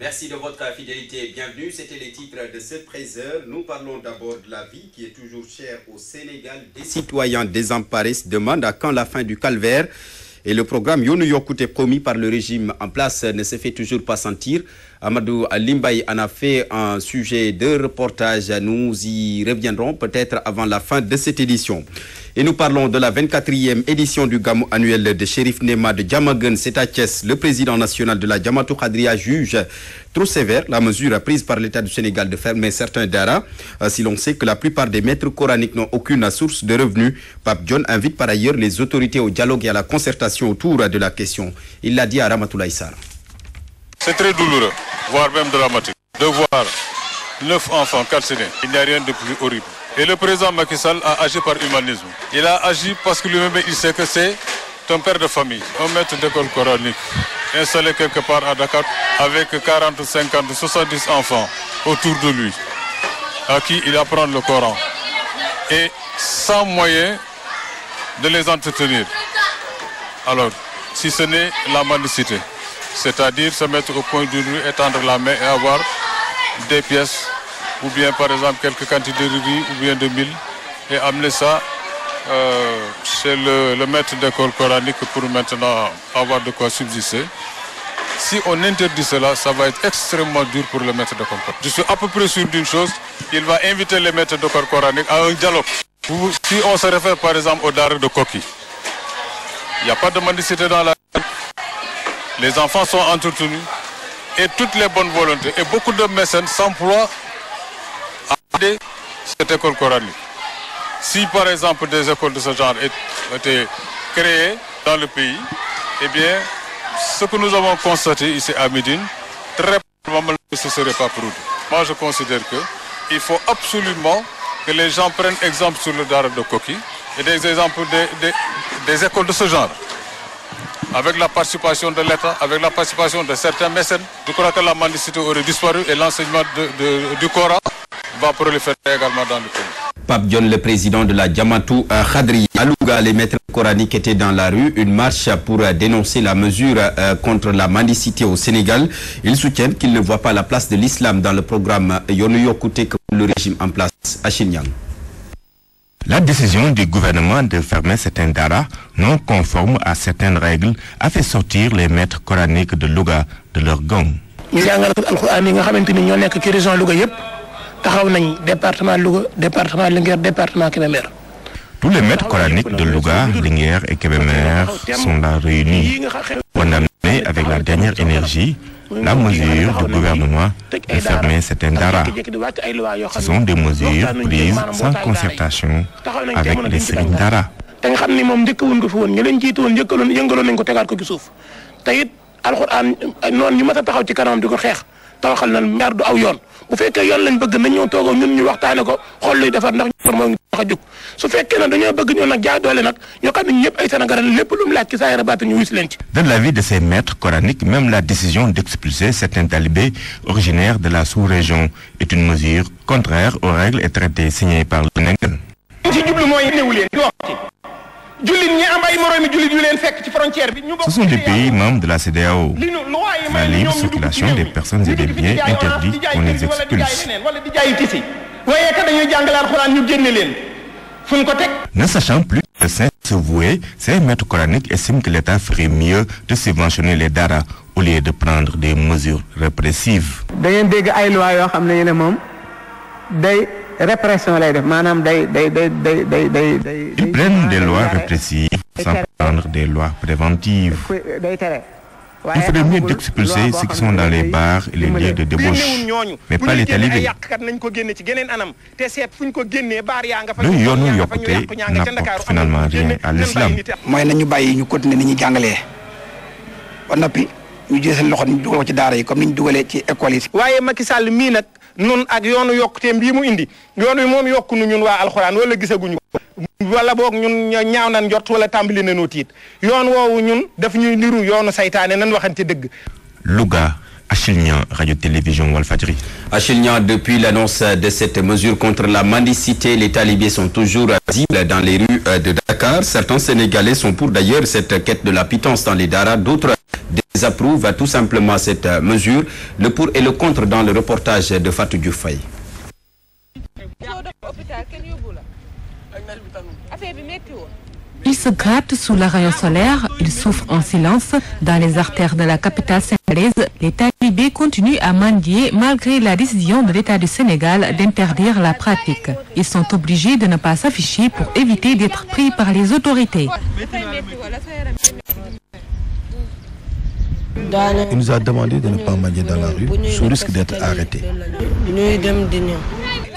Merci de votre fidélité bienvenue. C'était les titres de ce 13 Nous parlons d'abord de la vie qui est toujours chère au Sénégal. Des citoyens désemparés se demandent à quand la fin du calvaire. Et le programme Yonu Yokute promis par le régime en place ne se fait toujours pas sentir. Amadou Alimbaï en a fait un sujet de reportage. Nous y reviendrons peut-être avant la fin de cette édition. Et nous parlons de la 24e édition du Gamo annuel de Shérif Nema de Djamagun, Setaches. Le président national de la jamato Khadria juge trop sévère la mesure prise par l'État du Sénégal de fermer certains daras, euh, si l'on sait que la plupart des maîtres coraniques n'ont aucune source de revenus. Pape John invite par ailleurs les autorités au dialogue et à la concertation autour de la question. Il l'a dit à Ramatou C'est très douloureux, voire même dramatique, de voir Neuf enfants carcérés. Il n'y a rien de plus horrible. Et le président Macky Sall a agi par humanisme. Il a agi parce que lui-même, il sait que c'est un père de famille, un maître d'école coranique, installé quelque part à Dakar avec 40, 50, 70 enfants autour de lui, à qui il apprend le Coran. Et sans moyen de les entretenir. Alors, si ce n'est la mendicité, c'est-à-dire se mettre au point de rue, étendre la main et avoir des pièces ou bien par exemple quelques quantités de riz ou bien de mille et amener ça euh, chez le, maître maître d'école coranique pour maintenant avoir de quoi subsister. Si on interdit cela, ça va être extrêmement dur pour le maître de coranique. Je suis à peu près sûr d'une chose, il va inviter les maîtres corps coranique à un dialogue. Si on se réfère par exemple au dark de Koki, il n'y a pas de mendicité dans la... Les enfants sont entretenus, et toutes les bonnes volontés. Et beaucoup de mécènes s'emploient à aider cette école coranique. Si par exemple des écoles de ce genre étaient créées dans le pays, eh bien, ce que nous avons constaté ici à Médine, très probablement ce ne serait pas produit. Moi, je considère qu'il faut absolument que les gens prennent exemple sur le Dara de coquille et des exemples des écoles de ce genre avec la participation de l'État, avec la participation de certains mécènes. Je crois que la mendicité aurait disparu et l'enseignement du Coran va proliférer également dans le pays. Pape John, le président de la Diamantou, Khadri Alouga, les maîtres coraniques étaient dans la rue. Une marche pour euh, dénoncer la mesure euh, contre la mendicité au Sénégal. Ils soutiennent qu'il ne voit pas la place de l'islam dans le programme euh, Yonuyo que le régime en place à Xinjiang. La décision du gouvernement de fermer certains dara non conformes à certaines règles a fait sortir les maîtres coraniques de Louga de leur gang. Tous les maîtres coraniques de Louga, Linguère et Kébémer sont là réunis avec la dernière énergie la mesure du gouvernement de fermer certains dara. Ce sont des mesures prises sans concertation avec les dara bu fekkee yoon lañ bëgg nañ ñoo togo ñun ñu waxtaane ko xol luy défar ndax ñu mo ngi tax a su fekkee na dañoo bëgg ñoo nak jaay doole nak ñoo xam ne ñëpp ay Sénégalais lepp lu mu laaj ci saa yara baata ñu wis leen ci dans la vie de ces maîtres coraniques même la décision d'expulser certains talibés originaires de la sous-région est une mesure contraire aux règles et traités signés par le Sénégal ci jublu mooy néewu leen di wax ci ce sont des pays membres de la CDAO. La libre circulation des personnes et des biens interdits, on les expulse. Ne sachant plus que saint vouer, ces maîtres coraniques estime que l'État ferait mieux de subventionner les Dara au lieu de prendre des mesures répressives ils prennent des lois répressives sans prendre des lois préventives. Il faudrait mieux d'expulser ceux qui sont dans les bars et les lieux de débauche, mais pas les talibés. Le nous, nous, n'apporte finalement rien à l'islam. nous nous nous nous nous nous nous comme nous nun ak yoonu yokkuteem bii mu indi yoon wi moom yokkunu ñun waa alxuraan wala gisaguñu wala boog ñun ñaaw nan njort wala tàmbali nañoo tiit yoon woowu ñun daf ñuy niru yoonu saytaane nan waxante dëgg. Louga. Achille Radio-Télévision Walfadri. Achille Niang, depuis l'annonce de cette mesure contre la mendicité, les talibés sont toujours visibles dans les rues de Dakar. Certains Sénégalais sont pour d'ailleurs cette quête de la pitance dans les daras, d'autres approuvent tout simplement cette euh, mesure, le pour et le contre dans le reportage de Fatou Dufay. Ils se grattent sous la rayon solaire, ils souffrent en silence. Dans les artères de la capitale sénégalaise, les talibés continuent à mendier malgré la décision de l'État du Sénégal d'interdire la pratique. Ils sont obligés de ne pas s'afficher pour éviter d'être pris par les autorités. Il nous a demandé de ne pas manier dans la rue sous risque d'être arrêté.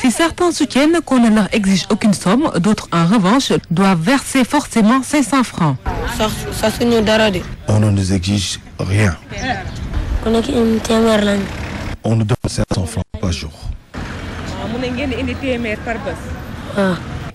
Si certains soutiennent qu'on ne leur exige aucune somme, d'autres en revanche doivent verser forcément 500 francs. On ne nous exige rien. On nous donne 500 francs par jour. Ah,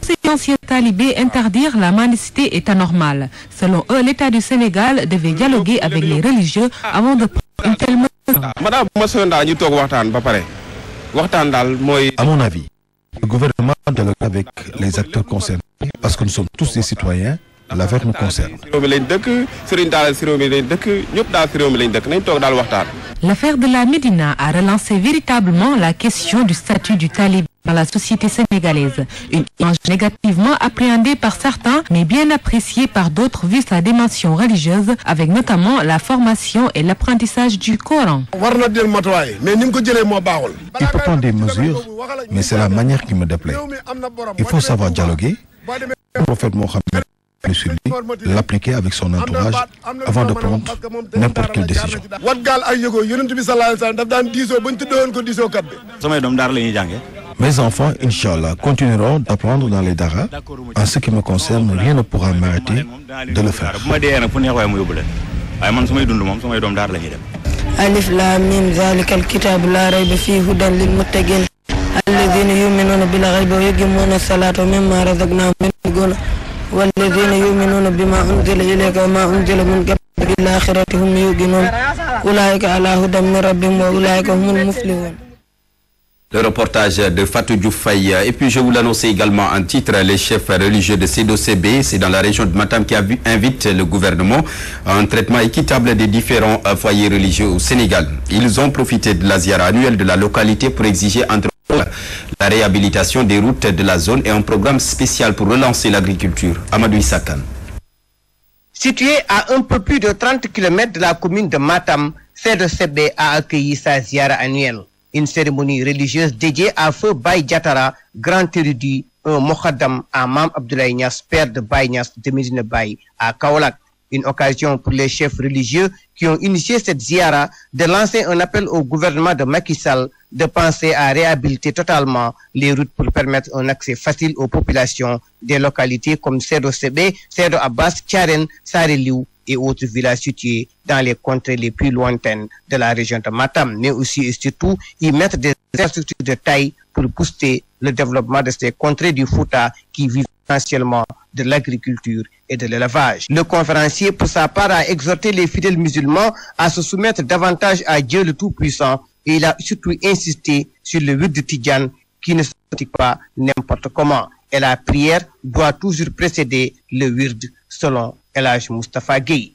Ces anciens talibés interdire la mendicité est anormal. Selon eux, l'État du Sénégal devait dialoguer avec les religieux avant de prendre une telle mesure. Ah, madame Massonda ba À mon avis, le gouvernement dialogue avec les acteurs concernés parce que nous sommes tous des citoyens l'affaire nous concerne. L'affaire de la Médina a relancé véritablement la question du statut du talib dans la société sénégalaise. Une image négativement appréhendée par certains, mais bien appréciée par d'autres vu sa dimension religieuse, avec notamment la formation et l'apprentissage du Coran. Il prendre des mesures, mais c'est la manière qui me déplaît. Il faut savoir dialoguer. Le prophète l'appliquer avec son entourage avant de prendre n'importe quelle décision. Mes enfants, inshallah, continueront d'apprendre dans les daras. En ce qui me concerne, rien ne pourra m'arrêter de le faire. والذين يؤمنون بما أنزل إليك وما أنزل من قبل بالآخرة هم يوقنون أولئك على هدى من ربهم وأولئك هم المفلحون Le reportage de Fatou Djoufaïa Et puis je vous l'annonce également en titre, les chefs religieux de C2CB, c'est dans la région de Matam qui invite le gouvernement à un traitement équitable des différents euh, foyers religieux au Sénégal. Ils ont profité de la ziara annuelle de la localité pour exiger entre autres la réhabilitation des routes de la zone et un programme spécial pour relancer l'agriculture. Amadou Satan. Situé à un peu plus de 30 km de la commune de Matam, CDOCB a accueilli sa ziara annuelle une cérémonie religieuse dédiée à Feu Baye Diatara, grand érudit, un mohaddam à Mam Abdoulaye Nias, père de Baye Nias de Mizine Baye à Kaolak. Une occasion pour les chefs religieux qui ont initié cette ziara de lancer un appel au gouvernement de Macky Sall de penser à réhabiliter totalement les routes pour permettre un accès facile aux populations des localités comme Sedo Sebe, Sedo Abbas, Tcharen, Sariliou, et autres villages situés dans les contrées les plus lointaines de la région de Matam, mais aussi et surtout y mettre des infrastructures de taille pour booster le développement de ces contrées du Fouta qui vivent essentiellement de l'agriculture et de l'élevage. Le conférencier, pour sa part, a exhorté les fidèles musulmans à se soumettre davantage à Dieu le Tout-Puissant et il a surtout insisté sur le but de Tidjane qui ne se pas n'importe comment. Et la prière doit toujours précéder le wird selon Elash Mustafa G.